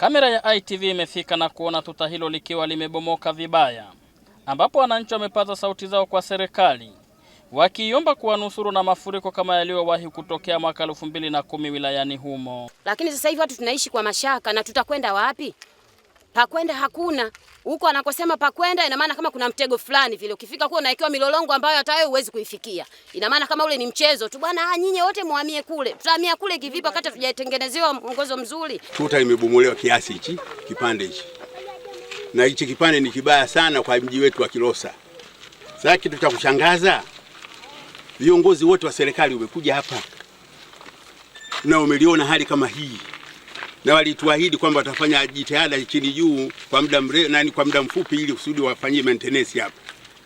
Kamera ya ITV imefika na kuona tuta hilo likiwa limebomoka vibaya, ambapo wananchi wamepata sauti zao kwa serikali wakiiomba kuwanusuru na mafuriko kama yaliyowahi kutokea mwaka elfu mbili na kumi wilayani humo. Lakini sasa hivi watu tunaishi kwa mashaka na tutakwenda wapi? Pakwenda hakuna. Huko anakosema pakwenda ina maana kama kuna mtego fulani vile. Ukifika kwa unawekewa milolongo ambayo hata wewe huwezi kuifikia. Ina maana kama ule ni mchezo tu bwana, ah, nyinyi wote muhamie kule. Tutahamia kule kivipi wakati hatujatengenezewa mwongozo mzuri? Tuta imebomolewa kiasi hichi kipande hichi. Na hichi kipande ni kibaya sana kwa mji wetu wa Kilosa. Sasa kitu cha kushangaza viongozi wote wa serikali umekuja hapa na umeliona hali kama hii na walituahidi kwamba watafanya jitihada chini juu kwa muda mrefu na kwa muda mfupi, ili kusudi wafanyie maintenance hapo,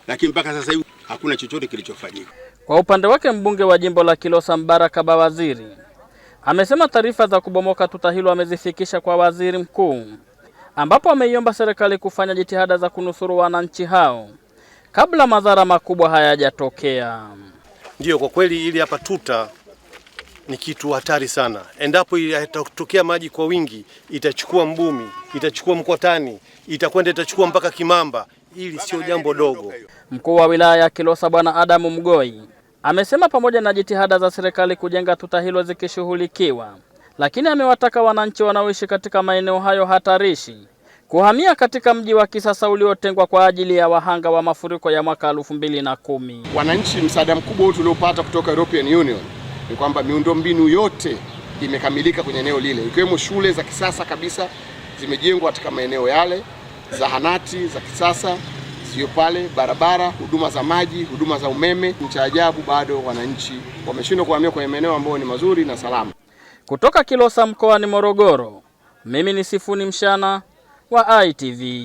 lakini mpaka sasa hivi hakuna chochote kilichofanyika. Kwa upande wake, mbunge wa jimbo la Kilosa Mbaraka Bawaziri amesema taarifa za kubomoka tuta hilo amezifikisha kwa waziri mkuu, ambapo ameiomba serikali kufanya jitihada za kunusuru wananchi hao kabla madhara makubwa hayajatokea. Ndiyo, kwa kweli ili hapa tuta ni kitu hatari sana. Endapo itatokea maji kwa wingi, itachukua Mbumi, itachukua Mkotani, itakwenda itachukua mpaka Kimamba. Hili sio jambo dogo. Mkuu wa wilaya ya Kilosa Bwana Adamu Mgoi amesema pamoja na jitihada za serikali kujenga tuta hilo zikishughulikiwa, lakini amewataka wananchi wanaoishi katika maeneo hayo hatarishi kuhamia katika mji wa kisasa uliotengwa kwa ajili ya wahanga wa mafuriko ya mwaka 2010. Wananchi, msaada mkubwa huu tuliopata kutoka European Union ni kwamba miundombinu yote imekamilika kwenye eneo lile, ikiwemo shule za kisasa kabisa zimejengwa katika maeneo yale, zahanati za kisasa zio pale, barabara, huduma za maji, huduma za umeme. Cha ajabu bado wananchi wameshindwa kuhamia kwenye maeneo ambayo ni mazuri na salama. Kutoka Kilosa mkoani Morogoro, mimi ni Sifuni Mshana wa ITV.